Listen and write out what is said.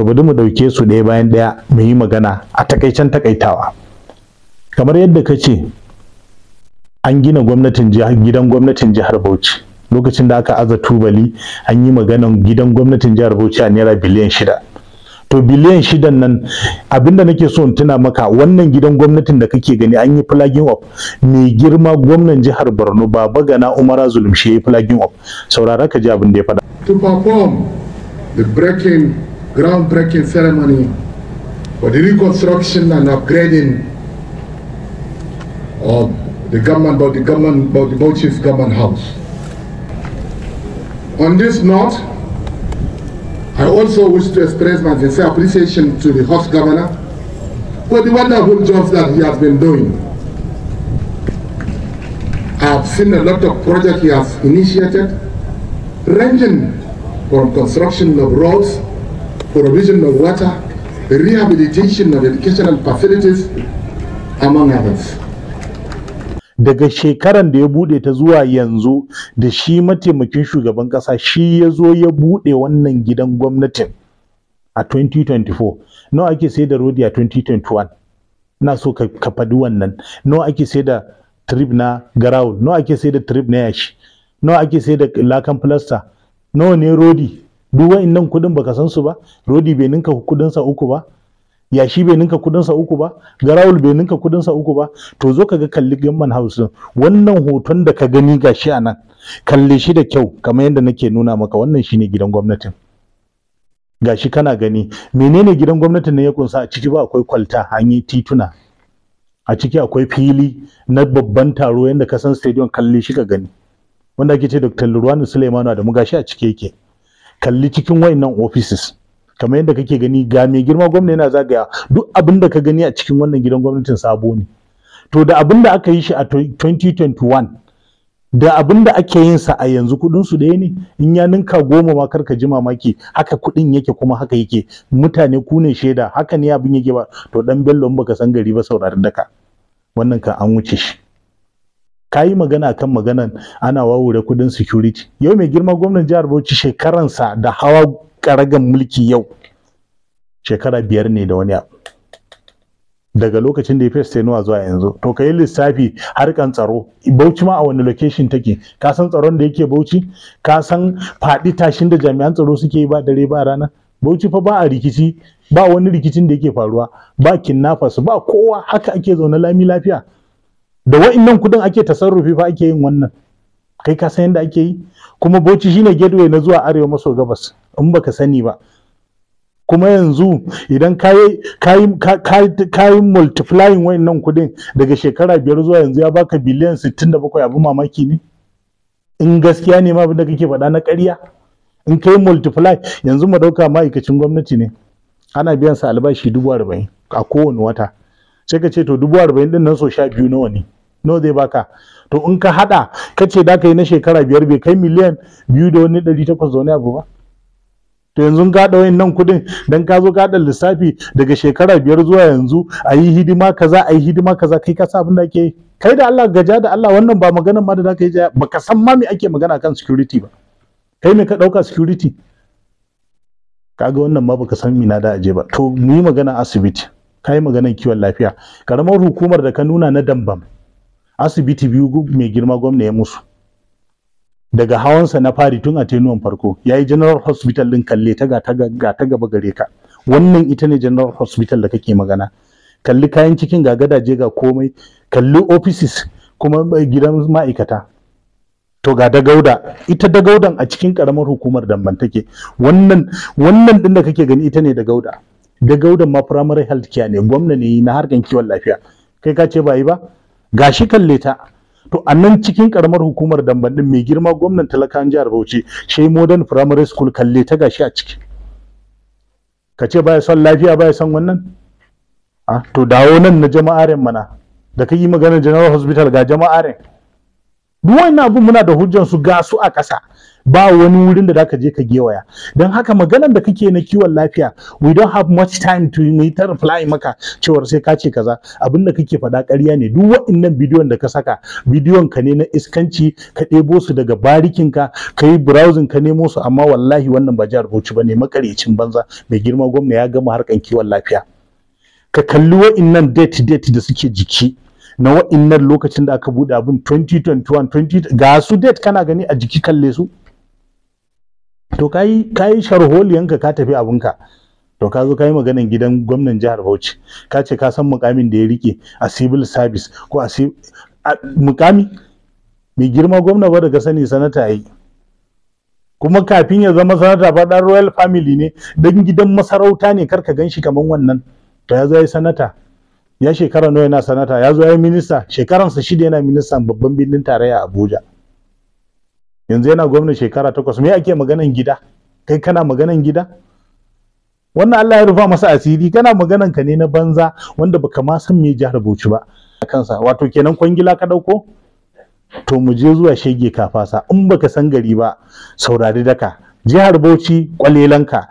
to bari mu ɗauke su ɗaya bayan ɗaya mu yi magana a takaicen takaitawa kamar yadda ka ce an gina gwamnatin gidan gwamnatin jihar bauchi lokacin da aka aza tubali an yi maganan gidan gwamnatin jihar bauchi a naira biliyan shida to biliyan shidan nan abinda nake so in tuna maka wannan gidan gwamnatin da kake gani an yi flagging up mai girma gwamnan jihar borno baba gana umara zulum shi ya yi flagging up saurara ka ji abin da ya faɗa to perform the breaking groundbreaking ceremony for the reconstruction and upgrading of the government, about the government, about the Bauchis government house. On this note, I also wish to express my sincere appreciation to the host governor for the wonderful jobs that he has been doing. I have seen a lot of projects he has initiated, ranging from construction of roads provision of water, rehabilitation of educational facilities, among others. daga shekaran da ya bude ta zuwa yanzu da shi mataimakin shugaban kasa shi ya zo ya bude wannan gidan gwamnatin a 2024 nawa ake sai da rodi a 2021 na so ka faɗi wannan nawa ake sai da trip na garawul nawa ake sai da trip na yashi nawa ake sai da lakan plaster nawa ne rodi duk wa'annan kudin baka san su ba rodi bai ninka kudin sa uku ba yashi bai ninka kudin sa uku ba garawul bai ninka kudin sa uku ba to zo ka ga kalli gamman house wannan hoton da ka gani gashi a nan kalle shi da kyau kamar yadda nake nuna maka wannan shine gidan gwamnatin gashi kana gani menene gidan gwamnatin ne ya kunsa a ciki ba akwai kwalta hanyi tituna a ciki akwai fili na babban taro yadda ka san stadium kalle shi ka gani wanda ake ce Dr. Lurwani Suleimanu da mu gashi a ciki yake kalli cikin wayannan offices kamar yadda kake gani ga mai girma gwamna yana zagaya duk abin da ka gani a cikin wannan gidan gwamnatin sabo ne to da abin da aka yi shi a 2021 da abin da ake yin sa a yanzu kudin su ɗaya ne in ya ninka goma ma karka ji mamaki haka kudin yake kuma haka yake mutane ku ne shaida haka ne abin yake ba to dan bello baka san gari ba saurari daka wannan kan an wuce shi ka yi magana kan maganan ana wawure kudin security yau mai girma gwamnan jihar bauchi shekaransa da hawa karagan mulki yau shekara biyar ne da wani abu daga lokacin da ya fi stenuwa zuwa yanzu to ka yi lissafi harkan tsaro bauchi ma a wani location take ka san tsaron da yake bauchi ka san faɗi tashin da jami'an tsaro suke yi ba dare ba rana bauchi fa ba a rikici ba wani rikicin da yake faruwa ba kidnappers ba kowa haka ake zaune lami lafiya da wa'annan kudin ake tasarrufi fa ake yin wannan kai ka san yadda ake yi kuma bauchi shine gateway na zuwa arewa maso gabas in baka sani ba kuma yanzu idan kayi multiplying wa'annan kudin daga shekara biyar zuwa yanzu ya baka biliyan 67 abu mamaki ne in gaskiya ne ma abinda kake faɗa na ƙarya in kai multiply yanzu madauka ma'aikacin gwamnati ne ana biyan sa albashi dubu arba'in a kowane wata sai ka ce to dubu arba'in din nan so sha biyu nawa ne nawa zai baka to in ka hada ka ce da ka yi na shekara biyar bai kai miliyan biyu da wani ɗari takwas da wani abu ba to yanzu ka haɗa nan kuɗin dan ka zo ka haɗa lissafi daga shekara biyar zuwa yanzu a yi hidima kaza a yi hidima kaza kai ka sa abin da ake kai da Allah gaja da Allah wannan ba maganar ma da za ka yi jaya baka san ma me ake magana kan security ba kai me ka ɗauka security kaga wannan ma baka san mina da aje ba to mu yi magana asibiti ta yi maganar kiwon lafiya karamar hukumar da ka nuna na dambam asibiti biyu mai girma gwamna ya musu daga hawansa na fari tun a tenuwan farko ya yi general hospital din kalle ta ga ta gaba gare ka wannan ita ne general hospital da kake magana kalli kayan cikin ga gadaje ga komai kalli offices kuma gidan ma'aikata to ga dagauda ita dagaudan a cikin karamar hukumar damban take wannan wannan din da kake gani ita ne dagauda da gaudan ma primary health care ne gwamna ne na harkan kiwon lafiya kai ka ce ba ba gashi kalle ta to a nan cikin karamar hukumar damban din mai girma gwamnan talakan jihar Bauchi shi modern primary school kalle ta gashi a ciki ka ce baya son lafiya baya son wannan a to dawo nan na jama'aren mana da ka yi magana general hospital ga jama'aren duk wannan abun muna da hujjan su ga su a ƙasa ba wani wurin da zaka je ka gewaya don haka maganar da kake na kiwon lafiya we don't have much time to yi ta reply maka cewar sai ka ce kaza abin da kake faɗa ƙarya ne duk wa'annan bidiyon da ka saka bidiyon ka ne na iskanci ka ɗebo su daga barikin ka ka yi browsing ka nemo su amma wallahi wannan ba jihar Bauchi ba ne makarecin banza mai girma gwamna ya gama harkan kiwon lafiya ka kalli wa'annan date date da suke jiki na wa'annan lokacin da aka buɗe abin 2021 20 ga su date kana gani a jiki kalle su to kayi kayi sharholiyanka ka tafi abinka to ka zo yi maganan gidan gwamnan jihar Bauchi ka ce ka san mukamin da ya rike a civil service ko a mukami mai girma gwamna ba daga sani sanata yi kuma kafin ya zama sanata ba dan royal family ne dan gidan masarauta ne karka gan shi kamar wannan to ya zo ya yi sanata ya shekara nawa yana sanata ya zo ya minista shekaransa shida yana ministan babban birnin tarayya a Abuja yanzu yana gwamna shekara takwas me ake maganan gida kai kana maganan gida wannan Allah ya rufa masa asiri kana maganan ka ne na banza wanda baka ma san me jihar Bauchi ba A kansa wato kenan kwangila ka dauko to mu je zuwa shege kafasa in baka san gari ba saurari daka jihar Bauchi kwalelanka